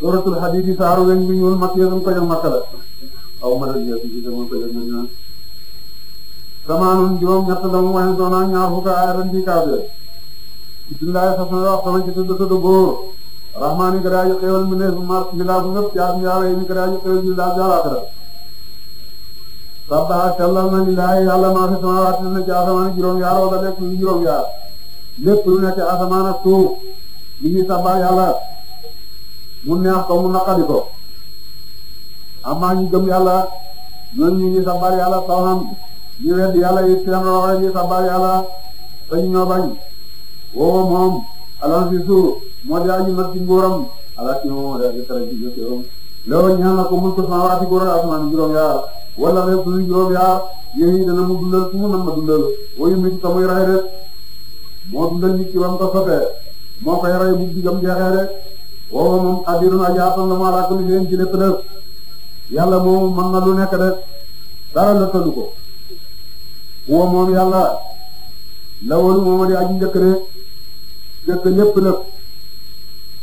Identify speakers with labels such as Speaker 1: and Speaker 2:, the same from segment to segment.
Speaker 1: suratul hadid saaru weñ bi ñuul mat yëgum ko jël makka la aw ma dëgg yëgum ci sama ko jël nañ naan samaanun juróom ñett la mu waxe doona ñaar fukka aaran ci kaabir bismillahi sasna wax sama ci tudd tudd góor rahmaani ka daaji xéewal mi neef mar mi laa ko sëpp yaat yaara yi mi ka daaji xéewal mi laa jaalaakara sabba sellal na lillaahi yàlla maa fi sama waat na ci asamaan juróom yaar wala lekk lu juróom yaar lépp lu nekk asamaan ak suuf li ñuy sabba yàlla mu neex ko mu naqari ko amaa ñu gëm yàlla ñoom ñu ngi sabal yàlla taw xam wedd yàlla it seen loxo ñu sabal yàlla bañ bañ woowa moom alal si moo di aji mat nguuram ala ci moom rek dara ci juróom yaar wala rek dana mu dundal fu mu nan ma dundal wayu mi tamuy ray rek moo dundal nit ki ba mu ko sotee moo koy ray bu digam jeexee woowu moom xadirun aji attan la mu ala kulli shay'in ci lépp def yàlla moom mën na lu nekk def dara lëttalu ko woo yàlla lawalu moom a di aji njëkk de njëkk lépp lépp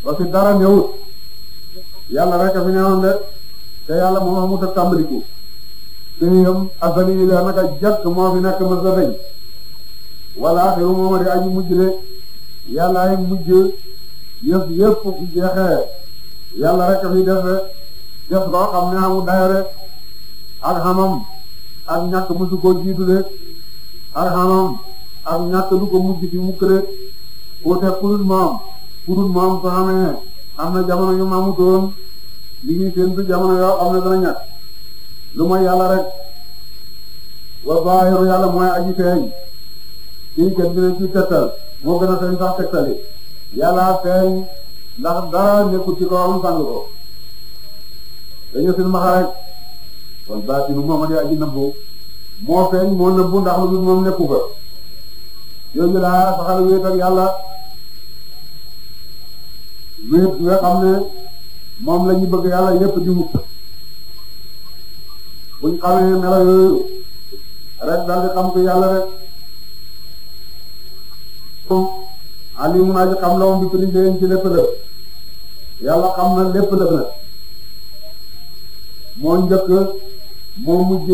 Speaker 1: parce que dara ñëwut yàlla rek a fi newoon de te yàlla moom amut a tàmbaliku suñu yëm asali yi la naka jëkk moo fi nekk mës a dañ wala axiru di aji mujj de yàlla mujj yëf yëpp su jeexee yàlla rek fi def def loo xam ne amul dayo ak xamam ak ñàkk musu ko jiitu de ak xamam ak ñàkk lu ko mujj di mukk de ku te kudul moom kudul moom soo xamee am na jamono yu maamu doon li ñuy séntu jamono yoo am na dana ñàkk lu mooy yàlla rek wa baaxiru yàlla mooy aji feeñ kii kenn dina ci tegtal moo gën a feeñ sax tegtali yàlla feeñ ndax dara nekkul ci kawam sàng ko dañu seen maxa rek kon baatinu moom a di aji nëbbu moo feeñ moo nëbbu ndax lu dul moom nekku fa yooyu laa saxal wéet ak yàlla wéet bëgg yàlla yépp di wut buñ xamee melo yooyu rek daal di xam ko yàlla rek alim maa ji xam la woon bi ci lépp lépp yàlla xam na lépp lépp nag moo njëkk moo mujj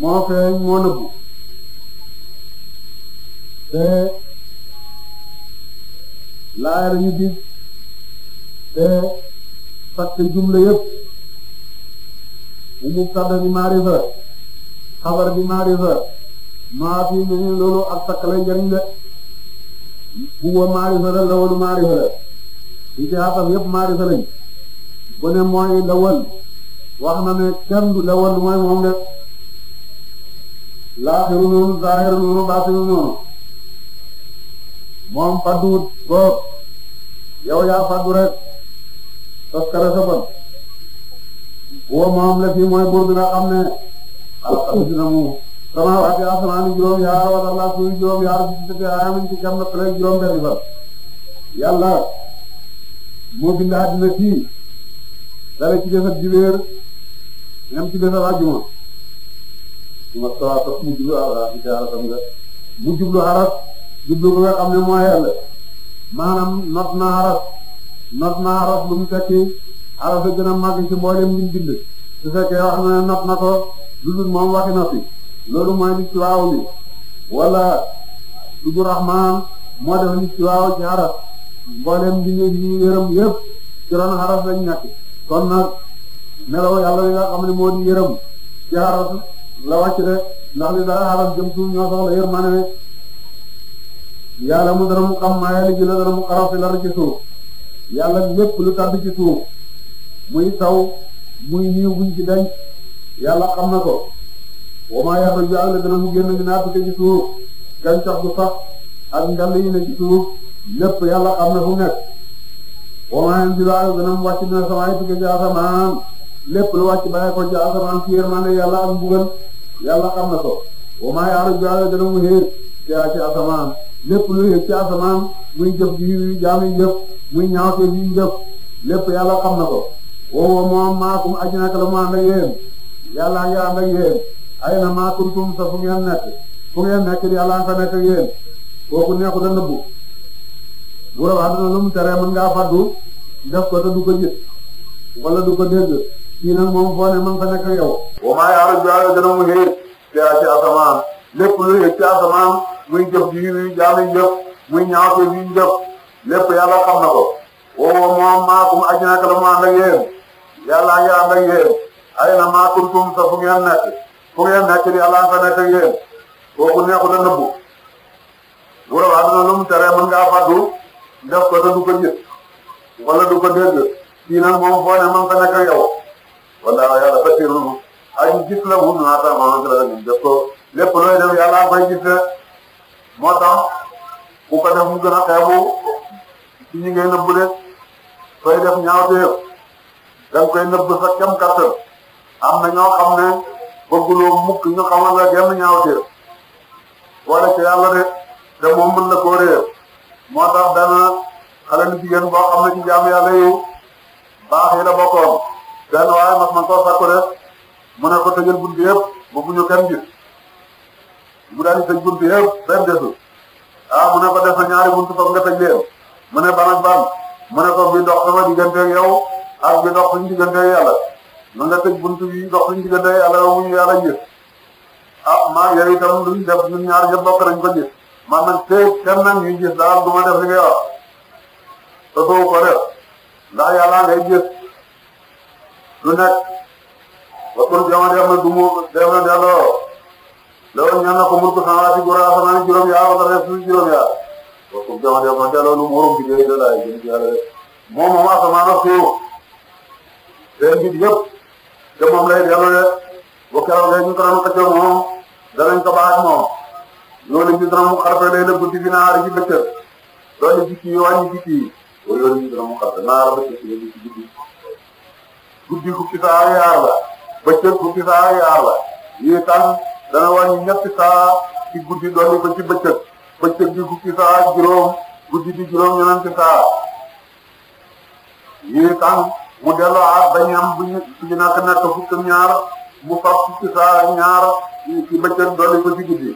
Speaker 1: moo feeñ moo nëbbu te laayar ñu gis te fatte jumla yëpp mu mubtada bi maarifa xabar bi maarifa maa fi mu loolu ak sakk lay njëriñ la bu boobu maarifa la lawal maarifa la li ci xaatam yëpp maarifa lañ bu ne mooy lawal wax na ne kenn du lawal mooy moom de laaxiru noonu zaahiru noonu baatinu noonu moom fadduut boob yow yaa rek toskare sa bon boo moom la fii mooy buur bi xam ne alxam dina mu sama waati asamaan juróom yaar wala laa juróom yaar ci yàlla moo bind àddina fii dale ci bésab dibeer ñam ci bésab àjjuma ma mu jublu ah, arasam jublu ko nga xam ne mooy yàlla maanaam not na aras not na aras lu mu tekki aras a gën a màgg ci mboolem ñu bind su fekkee wax na not na ko lu dul moom waxi noppi loolu mooy li ci waaw bi wala dugu rahman moo def li ci waaw ci xaraf mboolem bi ñu ñu yërëm yëpp ci ron xaraf lañ nekk kon nag melaw yàlla li xam ne moo di yërëm ci xaraf la wàcc de ndax li dara xaraf jëm suuf ñoo soxla yërmande yàlla mu dara mu xam maa yàlla ji la dara mu xaraf fi lar ci suuf yàlla lépp lu tàbbi ci suuf muy taw muy niiw buñ ci denc yàlla xam na ko wama yàlla jaale dana mu génn ñu naat ci suuf gàncax bu sax ak ngàll yi ne ci suuf lépp yàlla xam na fu nekk wama yàlla jaale dana mu wàcc na sama ay tukkee ci asamaan lépp lu wàcc bàyyi ko ci asamaan ci yërmande yàlla ak mbugal yàlla xam na ko wama yàlla jaale dana mu xéer ci asamaan lépp lu xéer ci asamaan muy jëf ji yi jëf muy ñaawte yi jëf lépp yàlla xam na ko woo moom maakum aji naka la mu ànd ak yéen yàlla ngi ànd ak yéen ay na maa kuntum sa fu ngeen nekk fu ngeen nekk yàlla nga fa nekk yéen kooku neexut a nëbbu bu la wax dina lu mu teree mën ngaa faddu def ko te du ko gis wala du ko dégg kii nag moom foo ne mën fa nekk yow. wa maa yàlla jëlaat gën a mu xëy te ci asamaan lépp lu yëg ci asamaan muy jëf ji muy jaanu jëf muy ñaata ji jëf lépp yàlla xam na ko. woo moom maakum aji naka la mu ànd ak yéen yàlla ngi ànd ak yéen ay na maakum tum sa fu ngeen nekk. fu ngeen nàcc di allah an nekk ak yéen kooku neexut a nëbbu bu la waxee lu mu tere mën ngaa fàddu def ko te du ko gis wala du ko dégg kii nag moom foo ne mën nga nekk ak yow wala yàlla fàttirul ay gis la mu naan tam maa ngi leen di def ko lépp looy def yàlla fay gis ne moo tax ku ko def mu gën a xeebu ci ñi ngay nëbbu de sooy def ñaaw teef da nga koy nëbbu sa kem kattan am na ñoo xam ne. bëgguloo mukk ñu xamal la genn ñaaw teew wala ci yàlla de te moom mën na koo réer moo tax dana xale ni jigéen boo xam ne ci jaam yàlla yi la bokkoon benn waaye mas man koo sakku mu ne ko tëjal buntu yëpp ba bu ñu kenn mu daal di tëj buntu yëpp a desul ah mu ne ko def na ñaari buntu foofu nga tëj mu ne ban ak ban mu ne ko bi dox sama diggante yow ak bi dox suñu diggante yàlla na nga tëj buntu bi dox suñu diggante yàlla yow ñu yàlla gis ah maa yooyu itam luñ def ñun ñaar ñëpp bokk nañ ko gis man nag tey kenn nag ñuy gis daal du ma def li ngay wax te soo ko def ndax yàlla ngay gis lu nekk ba pour jamono yàlla du mu dem na delloo loolu ñu ne ko mulku samaawaati asamaan juróom yaa wala rek suuf juróom yaa ba pour jamono yàlla delloo lu mu waroon bi dee delloo ay jëm ci yàlla moom moom asamaan ak suuf seen bit yëpp. te lay delloo de bu keroog rek ñu ko doon xëccoo moom danañ ko baax moom loolu ñu dana mu xarfe lay def guddi bi naari ci bëccëg loolu jikki yi wàññi jikki dana mu xarfe naara bëccëg ci guddi guddi ku ci saa yaar la bëccëg ku ci dana wàññi ñetti saa ci guddi doon ba ci bëccëg bëccëg bi ku ci saa juróom guddi bi juróom ñeneen ci saa yi tan mu delloo aar ba ñam bu ñu ci nekk nekk fukk ñaar mu fab fukki saa ñaar ci bëccëg dolli ko ci guddi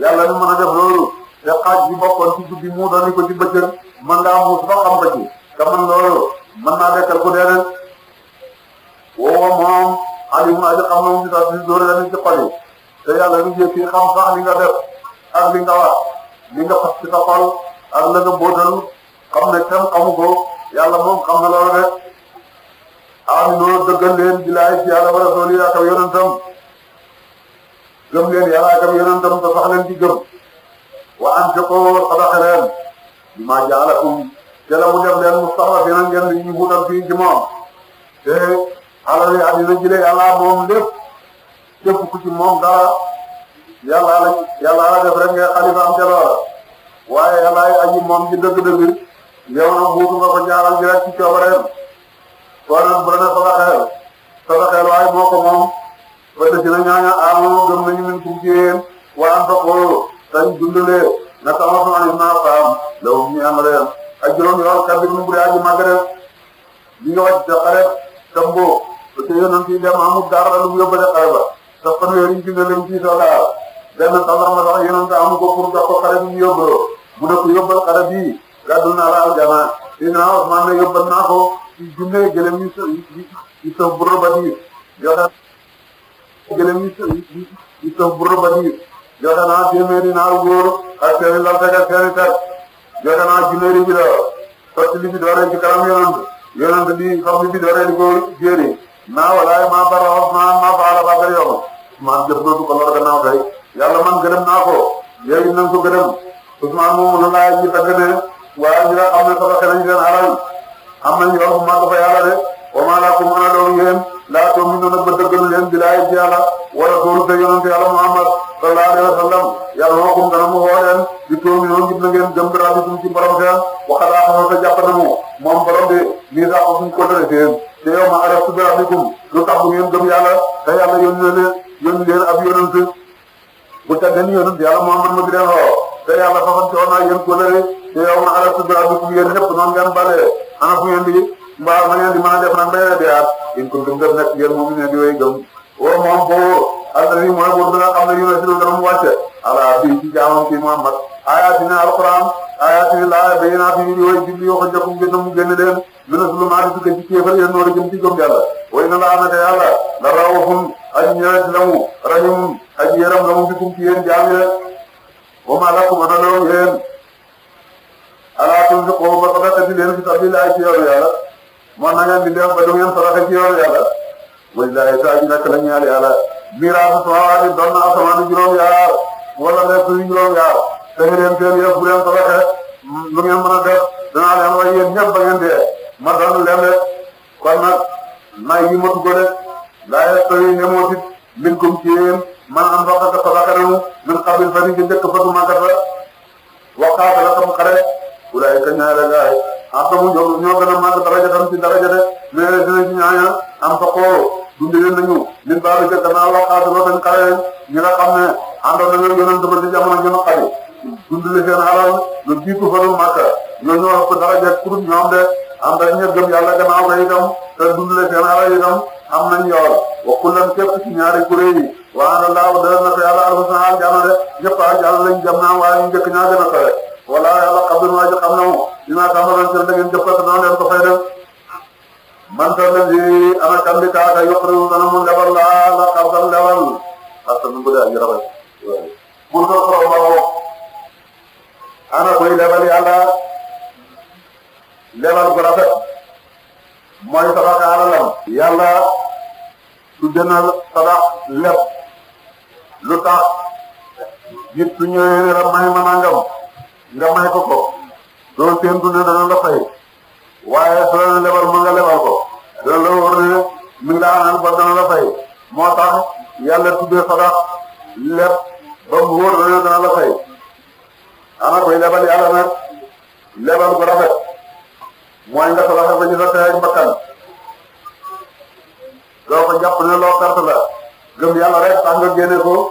Speaker 1: yàlla ñu mën a def loolu te xaaj bi bokkoon guddi mu dolli ko ci bëccëg mën ngaa muus ba xam ba ci mën naa dekkal ku dee rek moom alimu aji xam na mu gisaat bi la ni ci xol yi te yàlla ñu jëkki xam sax li nga def ak li nga wax li nga fas ci sa xol ak la nga bóotal xam ne kenn xamu ko yàlla moom xam na loolu rek am loo dëggal leen bilaay ci yàlla wa rasuuli ak ab yonentam gëm leen yàlla ak ab yonentam te sax leen ci gëm wa anfiqoo sadaqa leen bima jaalakum te la leen musta'rafiina ngeen ñu wutal fii ci moom te alal yi àddina moom lépp képp ku ci moom dara yàlla la yàlla la def rek nga xalifa am ca loola waaye moom ci dëgg-dëgg yow na buutu nga ko jaaral ci rek ci coobareem konoon bu la ne sabaxeel sabaxeel waaye moo ko moom ba dëkk na ñaaña amoo gëm nañu min kum ci yéen waa am ko dañ na sama sama lim naa la wum ñu am leen ak juróom yool kabir mu bu dee aji màgg rek li nga wàcc sa xaret tamboo parce que lu mu yóbbale xare ba te fanweer yi dina leen ci soxlaal benn tamar ma sax yonent amu ko pour jox ko xare bi ñu yóbbaloo mu ne ko yóbbal xare bii gàddul naa la aljana dinaa Usmaan ne yóbbal naa junne gëlëm yu sa yu sa burobadiir yoo xam gëlëm yu sa yu góor ak seeni laltak ak seeni yoo xam naa junneeri bi la sotti li bi ci kanam yonent yonent bi xam li bi dooree di ko jéeri naa walaay maa bara wax maa maa baala baagal yomb maa jëf dootu ko lor gannaaw man gërëm naa ko léegi nañ ko gërëm Ousmane moomu la laay ñu tagg ne waaye ñu la am ne saba xelañ am nañu wax maa nga fa yàlla de wa maa laakum ana doon ngeen laa tu'minuuna ba dëggalu leen billaay ci yàlla wa rasuulu te yonente yàlla Muhammad sallallahu alayhi wa sallam yàlla wookum dana mu woo leen di tu'minuuna ngir na ngeen gëm bi rabbikum ci borom seen waxa daa xamal te jàpp mu moom borom bi nii sax suñ ko tere seen te yow ma araftu bi rabbikum lu tax bu ngeen gëm yàlla te yàlla yónni na leen leen ab yonent bu tagg leen yonent yàlla Muhammad ma di leen woo ci yow ma ala kubra bi ci yéen ñëpp noonu ngeen ana fu ngeen di mbaa ma ngeen di mën a def nag ba yéen di aar yéen ko gëm gëm nekk yéen moom ne di way gëm woo moom boo alladhi mooy buur bi nga xam ne yu la si lu gënam wàcce ala bi ci jaamam ci Muhammad ayatina alquran ayatina laa bayyinaatin di way jubli yoo ko jokkum gën mu génn leen mina zulumaati ci gën ci kéefal yéen noor jëm ci gëm yàlla way na laa naka yàlla la rawahum aji ñëwet lamu rahim aji yaram lamu bikum ci yéen jaam yi rek wa ma lakum ana ala tunfiqu ba sadaqati leen fi sabilillahi ci yoonu yàlla moom na ngeen di def ba du ngeen sadaqa ci yoonu yàlla mooy laay saa ji nekk la ñaari yàlla miraasu samawaati doon na asamaan juróom yaar wala nekk yu juróom yaar fexe leen seen yëf bu leen sadaqa lu ngeen mën a def danaa leen way yéen ñëpp ba ngeen dee ma doon leen rek kon nag yi matu ko de laa yastawi ñemoo fit minkum ci yéen man am baqata sadaqatahu min qabil fari ci njëkk fatu màggat la waxaata la wulaay ka ñaare gaay ah xamu ñoo ñoo gën a màgg daraja tam ci daraja de mais dinañ ci ñaaña am fa koo dundee nañu min baalu ca gannaaw la xaatu ba seen xale ñi nga xam ne àndoon nañu yonent ba ci jamono gën a xale dundale seen alal lu jiitu fa lu màgg ñoo ñoo ëpp daraja kurut ñoom de am dañ ñëpp gëm yàlla gannaaw ga itam te dundale seen alal itam am nañ yool wa kullan képp ci ñaari kuréel yi waaw laaw dana na ko yàlla alfa sa aljana de ñëpp aljana lañ jam naa waaye ñu njëkk ñaa gën a wala yàlla xam naa ji xam na moom dinaa tàmbaloon seen dëgg jëfkat dana leen ko fay def man mu lebal laa la xaw san lebal parce que bu dee ak yërëbal pour que ma wax ana koy lebal yàlla lebal bu rafet mooy sadaka alalam yàlla su gënal sadak leb lu tax nit su ñëwee may ma nga may ko ko doo séntu ne dana la fay waaye soo leen lebal mën nga lebal ko dana la wóor ne mi ngi laa naan ba dana la fay moo tax yàlla tuddee sadax leb ba mu wóor ne dana la fay ana koy lebal yàlla nag lebal bu rafet mooy nga sadaxe ba ñu sa tey ak bakkan ko jàpp ne loo perte la gëm yàlla rek tax nga génne ko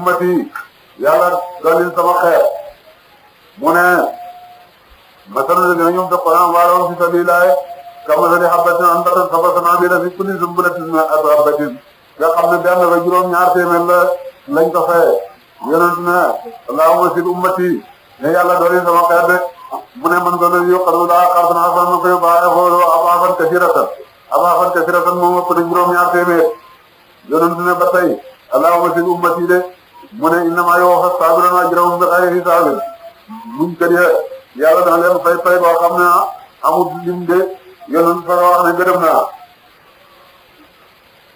Speaker 1: ummati yàlla dolli sama xeet mu ne masalu la ñoom def ko am waaloon fi sabilillahi kamasali habbatin anbatat sab'a sanabila fi kulli sunbulatin mi'atu habbatin nga xam ne benn la juróom ñaar téeméer la lañ ko fee yonent na allahumma sil ummati ne yàlla dolli sama xeet rek mu ne man doon nañu yokk laa xarfan hasanan ko yóbbaale xooloo abaafan kasiratan abaafan kasiratan moom ëpp na juróom ñaar téeméer yonent na ba tey allahumma sil ummati de. mu ne innama yuwaffa saabiruna ajrahum bi xayri hisaabin muñ kat ya yàlla dana leen fay fay boo xam ne ah, amul lim de yonent sax wax ne gërëm naa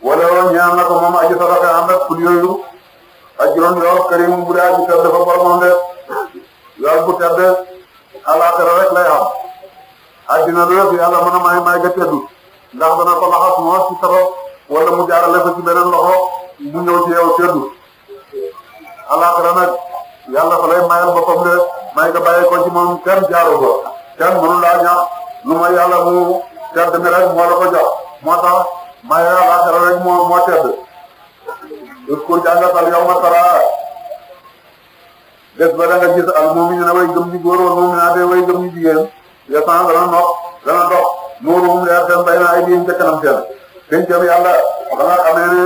Speaker 1: wala woon ñaan na ko ma aji sadaka am rek yooyu ajron yoo karim bu dee aji tedd fa boromam de yool bu tedd alaxira rek lay am addina lu yëpp yàlla mën a may may ndax dana ko laxas ci sabab wala mu jaarale ko ci beneen loxo mu ñëw ci yow teddu alaxira nag yàlla fa lay mayal boppam de may nga bàyyi ko ci moom kenn jaaru ko kenn mënu laa ñaax lu ma yàlla mu tedd mi rek moo la ko jox moo tax maye alaxira rek moo moo tedd uskur jàngatal yow ma taraa bés ba da nga gis al mu'minina way gëm ñu góor wal mu'minate way gëm ñu jigéen yasan dana nox dana dox nuuruhum leer seen bay na ay diin ca kanam seen pencam yàlla ba nga xamee ne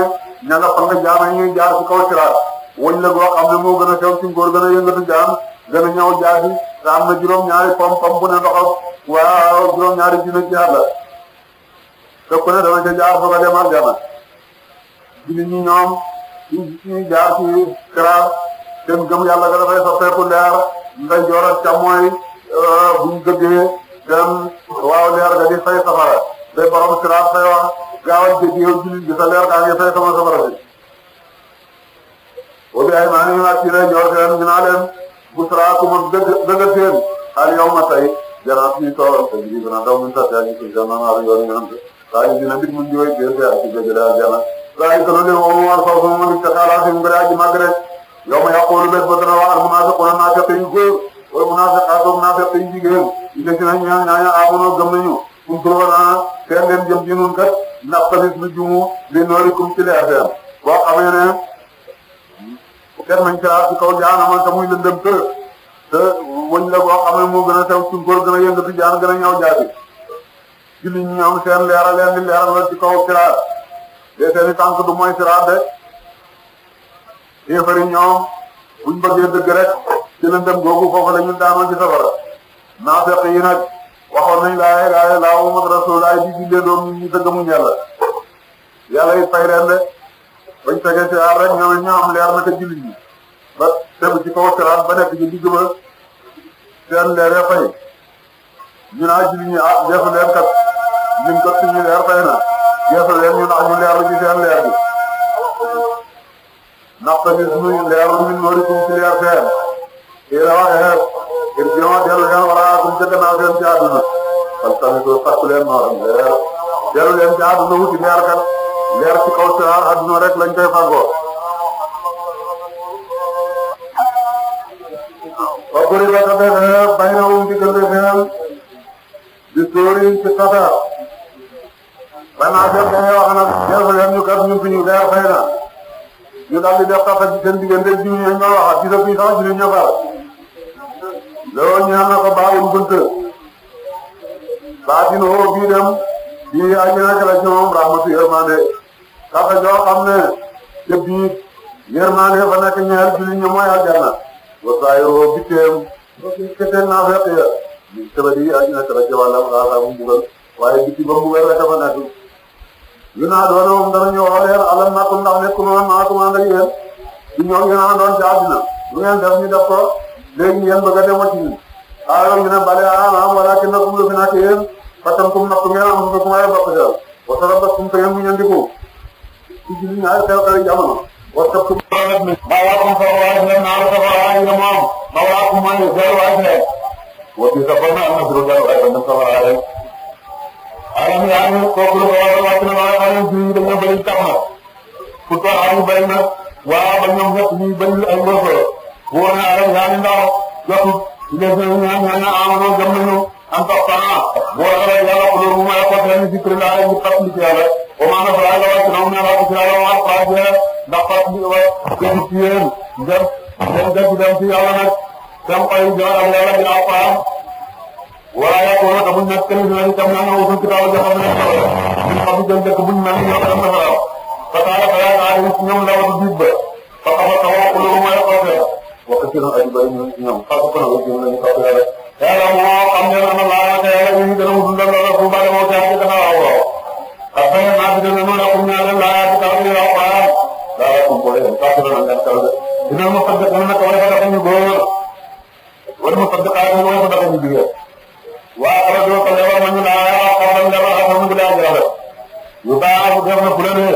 Speaker 1: ña nga fan nga jaama ñuy jaar ci kaw siraat wëñ la goo ne moo gën a sew ci ngóor gën a jaan gën a ñëw jaasi te na juróom-ñaari pom pom bu ne ndoxam waaw juróom-ñaari junne ci yàlla te ku ne dana ca jaar foog a dem aljana jullit ñi ñoom ci ci jaar ci kiraar seen gëm yàlla ga dafay soppeeku leer nday joor ak càmmooy euh, buñ di fay safara sa leer gaa ngi fay sama safara bi wala ay maa ngi ñëwaat ci rajo Jokalante ñu naan leen Moussa Kouma dëgg dëgg seen xaar yow ma tey jaraaf yi toolam te bii dina daw ñu tàtte ak ñu si jamono ak yoon ñu naan saa yu dina nit mu ñëwee gerte ak ci gëj daal jana saa yu tënul yow moom wàllu foofu moom it ca xaaral fi mu gën a ba dana wax al munaafiq wala munaafiq yu góor wala munaafiq ak munaafiq yu jigéen yi des na ñaan ñaan amunoo gëm nañu kum turoona seen leen jëm ci nun kat ndax tamit lu jumu li noorikum ci leer seen boo xamee ne teg nañ ca ci kaw jaanama te muy lëndëm te te wëñ la boo xam ne gën a sew sunkóor gën a yëngatu jaan gën a ñaw jaabi julli ñu am seen leeral leen di leeral la ci kaw siraat de seeni tànk du mooy siraat de yéefari ñoom buñ bëggee dëgg rek ci lëndëm googu foofu la ñu daanoo ci safara naafeq yi nag waxoon nañ laa ilaaha illallaah Muhammad rasuulullaah di jullee doom ñu dëgg mu ñàlla yàlla it fay de bañ fekkee siyaar rek ñoom ñoom leer na te jullit ñi ba tegu ci kaw siraat ba nekk ci digg ba seen leeree fay ñu naa jullit ñi ah jeexu leen kat ñun kat suñu leer fay na jeexu leen ñu naa ñu leerlu ci seen leer bi ndax tamit muy leerlu min warikum ci leer seen ila waxee irji'u dellu leen waraakum ca gannaaw seen ci àdduna parce que tamit fàttu leen moo xam leer dellu leen ci àdduna wuti leer kat leer ci kaw sa adduna rek lañ koy fàggoo wa duribat al-adhaaru baynahum digganteem bi suurin ci Qatar banaa jël dañuy wax nag jël leen ñu kat ñun suñu leer fay na ñu daal di def tasa ci seen diggante jiw yi ñu wax ak ci sa puissance bi ñu ñëwaat loolu ñaan na ko baawul bunt baatin woo bii dem bii àjjana la ci moom rahmatu yërmande kafe joo xam ne te biir yërmaane fa nekk ñeel julli ñi mooy aljanna wasaayoo bitteem kete naafeq ya li tabadi ajna tabaje wala wala mu bugal waaye bitti ba mbugal rek fa nekk yu naa doon moom dana ñu wax leen alam nakum ndax nekkul woon maakum ànd ak yéen di ñoom ñu naan doon ci àddina lu ngeen def ñu def ko léegi ngeen bëgg a dem ci ñun ayo ñu ne bale aam ah, ah, ah, walakin nakum lu fi nekk yéen fatam kum nakum ngeen am ko kuma ay bakk ja wa tarabbatum te ngeen mu ñandiku ci biir ñaari xew-xew jamono. war ko tudd. mawlaakum sa waay ngeen naan sa waay nga moom mawlaakum mooy zéro waay ngeen. wóor bi sax ba mu am na zéro zéro waay ba mu sa waay rek. alam yaa ngi kooku lu ko war a wàcc na maa xam ne bii dañoo bëri tax na. ku toog xam bëri na waaw ba ñoom ñëpp ñuy bëri ay wërëb. bu wane alam yaa ngi ndaw jotu les ñaan ñaan na amoon gëm nañu am toog temps bu wane alam yaa ngi ko loolu mooy apporté nañu si kuréel aay ñu fàttali ci yàlla. omaana balaa la wàcc na mu ne laa gis yàlla wax waa jërër ndax fàttali ñu wax kenn ci yéen jëm jëm jëm dem ci yàlla nag seen xol yi jëm ak yàlla dina ko am wala yaa ko war a ko buñ nekk kenn dina ni tam naan wutul ci kaw jox am nañ ko ñu xam jëm dëkk buñ mel ni ñoo ko dem dafa raw fa taala fa yaa naa yi ñoom la wadu diib ba fa xafa ka wax lu mu may xoofe wax ci na ay ba ñu ñoom fa ko na wajju nañu ko yàlla yàlla moo xam ne na laa ka yàlla yi gën a wutul dal la fu ba demoo moom booy yëpp saa ko doon àndal dina ma fàtte dina ma taw dafa dafa ñu góor wala ma fàtte xaaral ma dafa dafa ñu jigéen waaw xale bi ma fàtte war ma ñu naan waaw xaw ma dafa dafa ñu guddee ak yàlla yu baax def na fule ne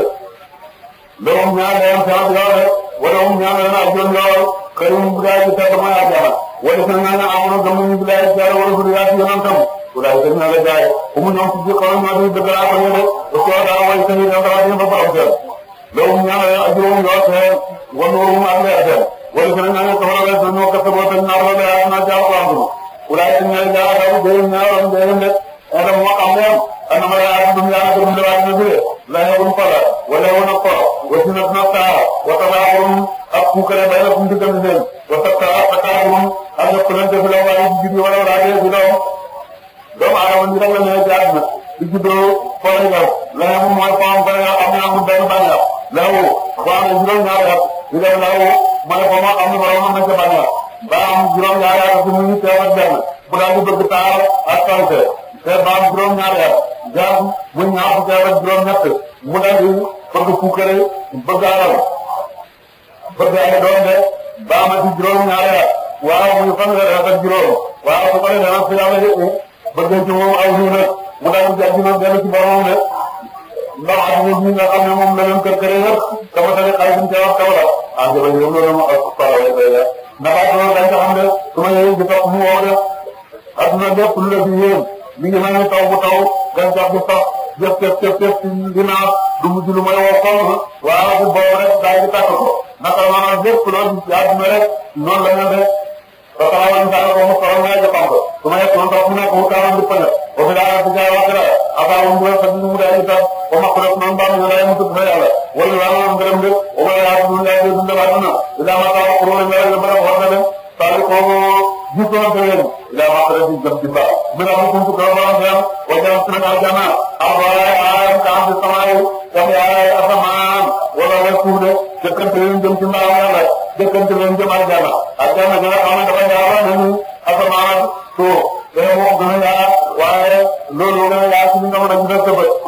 Speaker 1: loolu ñaar la yoon sant yàlla wala moom ñaar la yoon ak yoon yàlla xëy mu guddee ak yàlla mooy ak yàlla wala sa ñaar la amoon gëm ñu guddee ak yàlla wala su dee ak yoonam tam wala sa ñaar la jaay ku mu ñoom si biir xaw ma ñu dëgg laa ko ñëwee ko daa way sa ñi dafa ba borom لهم نعمة أجرهم يوسعهم ونورهم على يأسهم والذين كفروا يسلموا كسبوا في النار ولا يسمع جاءوا أولئك الذين إذا أخذوا بهم نارا جهنم ألم وقعهم أنما يعرف الدنيا أنهم لا يعرفون لا يكون فلا ولا يكون قرى وزنة نفسها وتباعهم أبكوك لبينكم تجمعهم وتتعاقبهم أن يقتلن في الأوائل الجديد ولا راجع بلهم دوم على من يرى لنا جاهنا بجدو فلا يكون لا يكون ما يفعل فلا يكون أمنا من دون بلهم lahu ba am juróom-ñaari at yi def lahu mooy fa moo xam ne borom am na ca bànneex ba am juróom-ñaari at bu ñu teew ak benn bu daal di bëgg taar ak tawte te ba am juróom-ñaari at jaar bu ñaar bu teew ak juróom-ñett mu daal di bëgg puukare bëgg alal bëgg ay doom de ba amati juróom-ñaari at waaw muy fanweeri at ak juróom waaw su ko defee nag fi yàlla yëpp bëgg ci moom aw jiw nag mu daal di jàpp ci moom dellu ci boromam de ndax xadis bi nga xam ne moom la leen kër kër yëpp dama tëjee xarit bu ñu koy wax kaw la ah jërëjëf loolu la ma soxla rek lay def ndax ak loolu dañ ko xam ne su ma yëyee di tax mu woo de adduna lépp lu la fi yéen mi ngi mel ni taw bu taw gàncax gi sax jëf jëf jëf jëf dina du mujj lu may woo kaw la waaye bu boobu rek daal di tàkk ko naka la maanaam lépp loo gis ci adduna rek noonu la ñu def ba taxawal ñu taal ko mu xool ngay jëfam ko su ma yëg noonu tax mu nekk mu taalam di pënë ba fi daal di jaay wax dara avant mu mu daal di tax ba ma xoolee man baanu ko waaye mu tudd fa yàlla wala waaw moom gërëm de ba ma yaatu ñu laajee dundal àdduna dinaa ma taal ko loolu laaj la ba la waxoon na leen saa yu koo gis ko woon sa yéen dinaa ma xoolee si jëm si mbaa bi nga xam ne kuntu kala borom seen wa jëm si nag aljana am waaye aayam ka am si samaay kam yaay asamaan wala way suuf de jëkkante leen jëm si mbaa yàlla jëkkante leen jëm aljana aljana dina xam ne dafa ñaara nañu asamaan suuf dana moom gën a yaa waaye loolu gën a yaa si li nga mën a gën a sëbët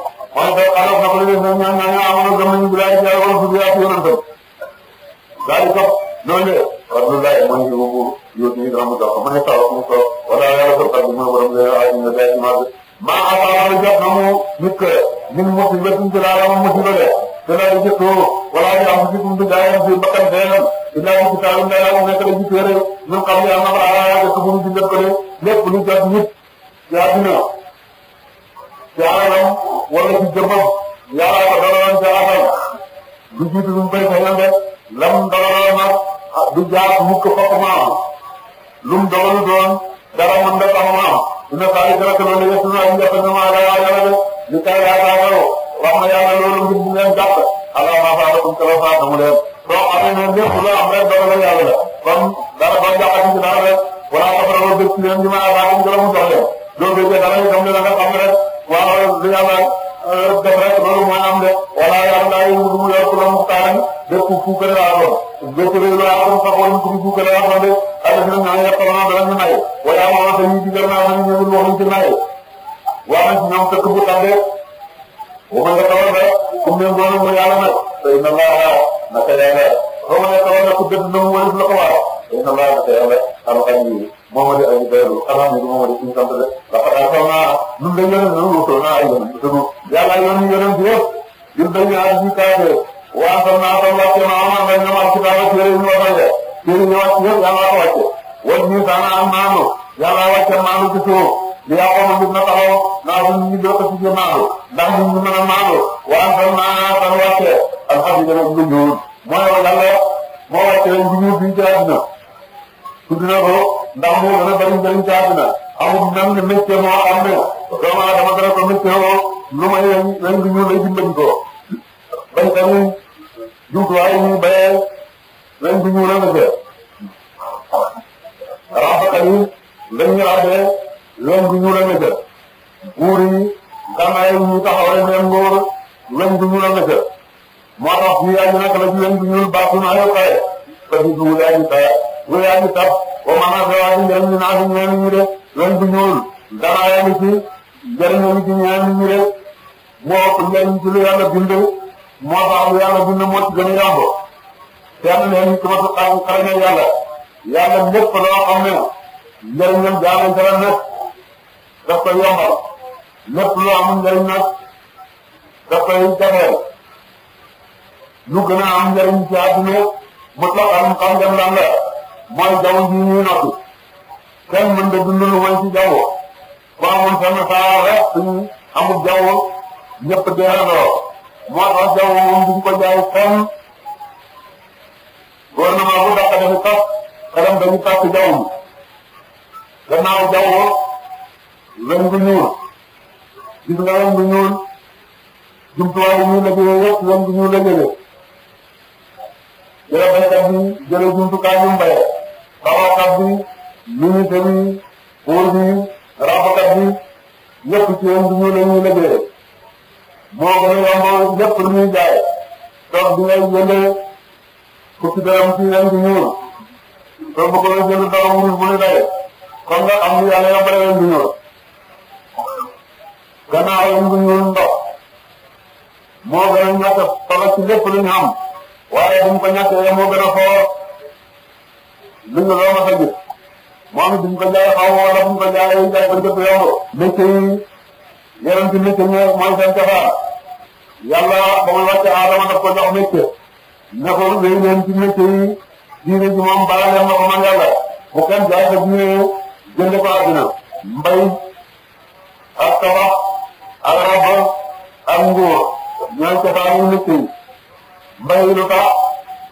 Speaker 1: ñëw ñoom ñoom ñoo ñoo amoon gëm nañu bilaay jaay wala suuf yaa fi yónn tam daal di topp noonu de Abdoulaye mooy ñu ko yow tamit dama mu toog ma ne taw mu toog wala yàlla toog ak mooy borom lay ay ñu lay ma ma ataa la jot na mu nit que min musibatin ci laa la musiba de te laa di jëttoo wala ñu am ci kum bi daayam ci bakkan deenam illaa mu kitaabu ndey la mu nekk la ci téere ñun xam yaa ma xalaat yaa ko suñu ci def ko de lépp lu jot nit yaa dina ci alalam wala ci jëmmam yàlla ko dogaloon ca Adam du jiitu lu mu bëri sa yoon de la mu dogaloon nag du jaar mukk fokk maam lu mu dogalu doon dara mën na sama maam dina saa yu gërëm loolu yëpp naa ñu jàppale maa la waa yàlla de li kay yaakaaroo wax na yàlla loolu ngir mu leen jàpp allah maa faa ko kala faa ko mu leen soo amee noonu lépp loo am rek dogal yàlla la kon dara ba jàppati ci dara rek wala ko faral di ci leen ñu maa faa ko mu leen doo bëggee dara xam ne da nga xam rek waaw li yàlla euh, def rek bépp puukare laa xool bépp réew laa xool saxoon nañ ko fi puukare laa xool de ay def nañ ñoom yàq naa dara ñu naye wala na dañuy digal naa man ñëwul wax nañ ci naye wax nañ ci ñoom dëkk bu tàngee waxuñ nga tawal rek comme ni mu doon mooy yàlla na laa waaw naka yàlla xaw ma ne tawal nag ku dëdd na mu wërëf la ko waaw tey na laa naka yàlla xam xam yi moom la ay bayru xanaa ni moom la suñu sant de dafa daal xam naa ñun dañ leen a ñëw wutoo naa ay yoon yàlla yoon yi yonent yëpp ñun dañ ñu aaj ñu kaafee waaw naa ko wàcce ma amoon a mbaa ci dara ci réew mi ba bële ci réew mi wàcc yëpp yàlla ko wàcce wàcc bi daan am maanu yàlla wàcce maanu ci suuf li yàqoo ma gis na taxaw naa ko ñu doog a tuddee maanu ndax ñu ñu mën a maanu waaw xam naa tan wàcce ak xam yi dana dund mooy yàlla moo wàcce njiwu bi ci àddina tudd na ko ndax moo gën a bëri njëriñ ci àddina amul même ne moo am ne doomu aadama dana ko métier woo lu may lañ lañ ñu jumtuwaay yi ñu béyee ren bi ñu rënd see rafetal yi lañ ñu rafet ren bi ñu rënd see buur yi gànnaay yi ñu taxawal leen ngóor ren bi ñu rënd moo tax ñu yaay ñu nekk la ci ren bi ñu baaxul naa yow kaye parce que bu yaay ñu kaye bu yaay ñu tax ba maanaam dawaay yi njëriñ ñu ñu ñaan ñu de ren bi ñuul gànnaay yi ci njëriñ ñu ci ñaan ñu de moo ëpp njëriñ ci lu yàlla bindee. moo tax lu yàlla bind moo gën a yomb kenn leen ci matu xaram xarame yàlla yàlla lépp loo xam ne njëriñam jaamam dara nekk yombal lépp lu am njëriñ nag daf lu gën a am njëriñ ci àdduna mu taxam xam dem lan la mooy jaww ji ñuy noppi kenn mën da dund ci jaww ba amoon fenn saa rek suñu amul jaww ñëpp deeandoo moo tax jaww moom duñ ko jaay fenn gouvernement bu dàq dañu tas xelam dañu tas jaww ji gannaaw jaww lañ bu ñuul gis nga lañ bu ñuul jumtuwaay yi ñuy liggéey yëpp lañ bu ñuul la jëlee jëlee baykat bi jëlee jumtukaay yu mbay moo koy yombal lépp lu muy jaay toog di ngay jëndee fukki dërëm ci ren bi ñëw soo ko koy jënd dara wurus bu ne daye kon nga am lu yàlla yóbbu ren bi ñëw gannaaw ren bi ñëw ndox moo gën a ñàkk solo ci lépp lu ñu am waaye moo gën a foo lu ñu loo mos a gis moom it bu ñu ko jaayee yéen ci métier mooy seen cafaan yàlla ba mu wàcce Adama daf ko jox métier ne ko léegi leen ci métier yi moom bala ngeen ma ko man yàlla bu kenn jaay ko diine jënd ak tabax ak rab ak nguur ñooy cafaan yu métier yi mbay lu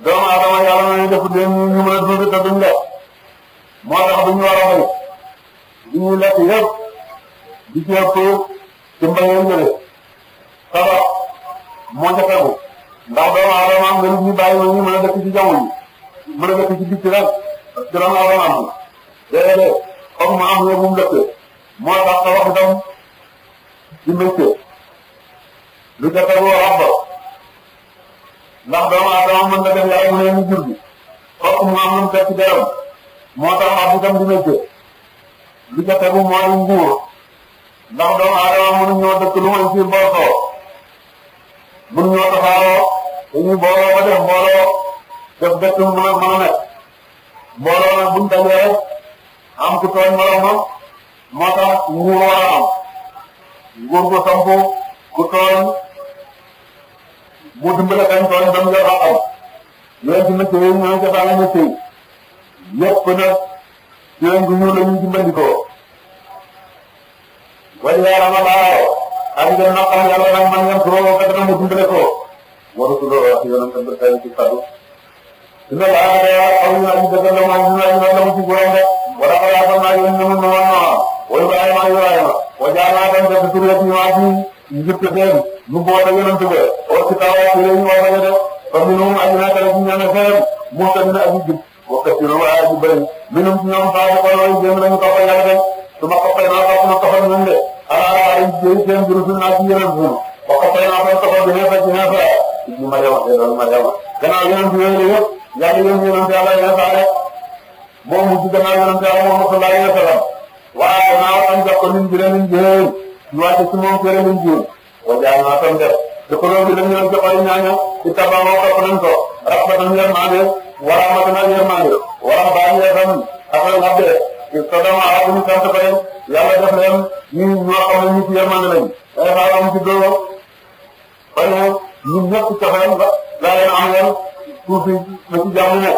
Speaker 1: doomu Adama yàlla nañu def leen ñu mën a dund te duñ moo tax duñu war a bay duñu lekk yëpp di ci ëpp ci mbéyam nga def sabab moo ca tegu ndax doomu aadama nga nit ñi bàyyi ma ñu mën a dëkk ci jaww ji mën a dëkk ci bitti rek ci doomu aadama am déedéet comme mu am bu mu dëkkee moo tax sa wax itam ci métier lu ca tegu wax ba ndax doomu aadama mën na def yaay mu ne ñu jur gi comme mu am lu mu def ci deram moo tax wax itam di métier lu ca tegu mooy nguur ndax doomu aadama mënuñoo dëkk lu may ci mbooloo mënuñoo tasaaroo dañuy booloo ba def mbooloo def dëkk mu mën a mën a nekk mbooloo nag buñ dajee rek am ku tooñ moroomam moo tax nguur war a am nguur ku tooñ bu dimbale kañ tooñ ba mu yor a am ci métier yi ñoo ca bàyyi métier yëpp nag yéen gu ñu la ñuy dimbandikoo wala yàlla ma baaroo xam nga naqam yàlla nag man ngeen turoo kat na mu dundale ko waru tulo wax yoonam tam ba tey ci fadu dina la wax dëgg yàlla xaw naa ñu dëgg la ma ñu naa ñu naan la mu ci góoram rek wala ko yaakaar naa yoon ñu mun na wan naa wala ba ayama yu ayama wa jaanaa tam def tur yëpp ñu waat ñu njëkk seen ñu boole yoonam tëbe wa ci taw ak yéen ñu war a def comme ni mu amee naa tamit ñu ñaan seen mu tamit ak jub wa kasiru wa aji bëri minum ñoom faaw ko loolu jéem nañu ko ko yàlla def su ma ko fay naa ko ma ko fa ñoom de ala jërëjëf Ndiou naa ci yeneen dugub ba ko fay naa ko soxla dina fa dina fa ñu ma demoon dina ma demoon. gannaaw yeneen dugub yooyu yëpp yaa ngi yëngu yeneen yàlla yeneen saa rek moom mu ci gannaaw yeneen yàlla moom mos a laaj yeneen salaam waaye naa am jox ko lim jëlee lim jëlee ñu wàcce ci moom fële lim jiw wa jaay naa tam def te ko loolu dañu leen joxal ñaaña ci tabax moo topp nañ ko rafetam yërmande wala matanal yërmande wala baax yërmande affaire Sodom ak ñu sant ba leen yàlla def leen ñu ñoo xam ne ñu ci yërmande lañ dafa am ci dóor ba ne ñun ñëpp cofeel ba laa leen am leen suuf si na ci jàmm nekk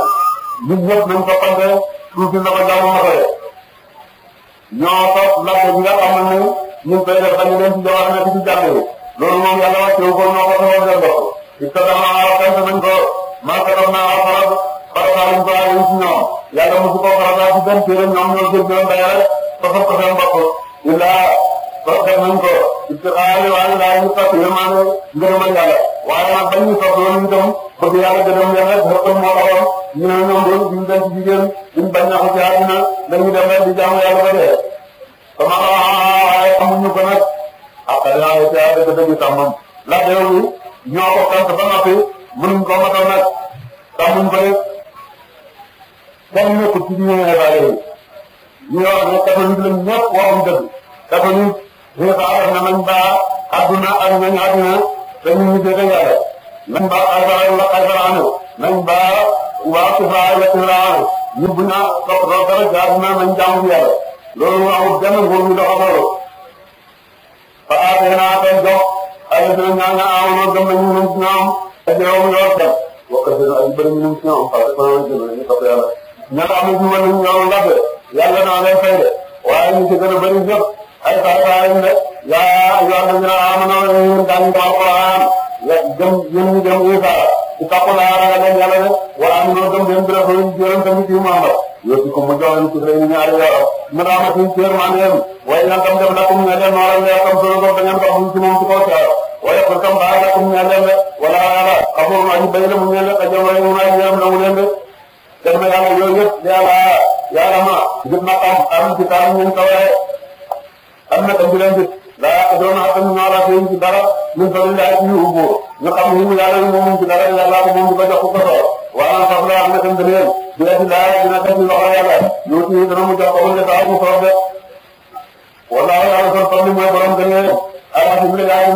Speaker 1: ñun ñëpp nañ toppante suuf si na ko jàmm matalee ñoo topp laajte bi nga xam ne ñu ngi koy def dañu leen ci jamono nekk ci jàmm yi loolu moom yàlla wàcceewu ko ñoo ko xamal leen dox. Sodom ak sant nañ ko maa ko doon naa ko faral faral ko ay ci ñoom. yàlla mosu koo xarala si benn téere ñoom ñoo jël ñoom dara fasal ko seen bopp illaa fasal nañ ko istixaale waaye daal ñu fàttali yërmaane ngërëmal yàlla waaye nag bañ ñu fàttali woon itam bëgg yàlla gërëm leen rek xëppal moo taxoon ñu ne ñoom doon ñu dem ci jigéen ñu bañ a ko ci àdduna dañu dem rek di jaamu yàlla ba dee sama waaye amuñu ko nag après ah, yaa ngi ci àll bi dëgg itam moom laajte wu ñoo ko sant ba noppi mënuñ ko matal nag tàmmuñ ko rek kenn nekkul ci ñoom xibaar yooyu ñu wax ne catholique lañ ñëpp waxuñ dëgg catholique xibaar na nañ baa adduna ak nañ adduna te ñu ñu jëfe yàlla nañ baa xasara la xasaraane nañ baa waa kufraa la kufraane ñu bu naa topp topp dara jaar na nañ jaamu yàlla loolu waxul benn nguur ñu doxa loolu fa aatee naa tey jox ay dina ñaa nga amoon gëm nañu nañ ci ñoom te jëloon yor dem wax dëgg ay bëri ñu nañ ci ñoom parce que yàlla ña tax ñu mën ñoom ndax yàlla naa leen fay de waaye ñu ci gën a bëri ñëpp ay saay-saay de yaa yaa ñu ne ah man ñu daan ñu alquran ya jëm ñun ñu jëm Isa ci takku laa ragal leen yàlla de wala ñu doon dem benn béréb yu jëloon tamit yu maam la yóbbu ko mu jox leen ci réew ñaari yoon mu daa ah ma suñu cër maa ngi leen waaye ñan tam def nakum ña leen nooral leen tam solo ko dañu ko buñ ci moom ci kaw caaw waaye pour tam baax nakum ña leen de wala xafur naa ñu béy la mu ñeen de ka jëm rek mu naa ñeem la mu leen de def na yàlla yooyu yëpp yàlla yàlla ma gis na xam xam ci kanam ñu tawee am na tam ci leen laa doon naa tam ñoo la seen ci dara ñun tamit laaj ñu ubbu ñu xam ñu yàlla ñu moom ci dara yàlla ko moom di ko jox ko ko waaw sax la am na tam gëneel dina ci laa dina def ci loxo yàlla ñu ci dana mu jox ko ne daa mu soob de wallaahi yàlla kon tam ni mooy borom gëneel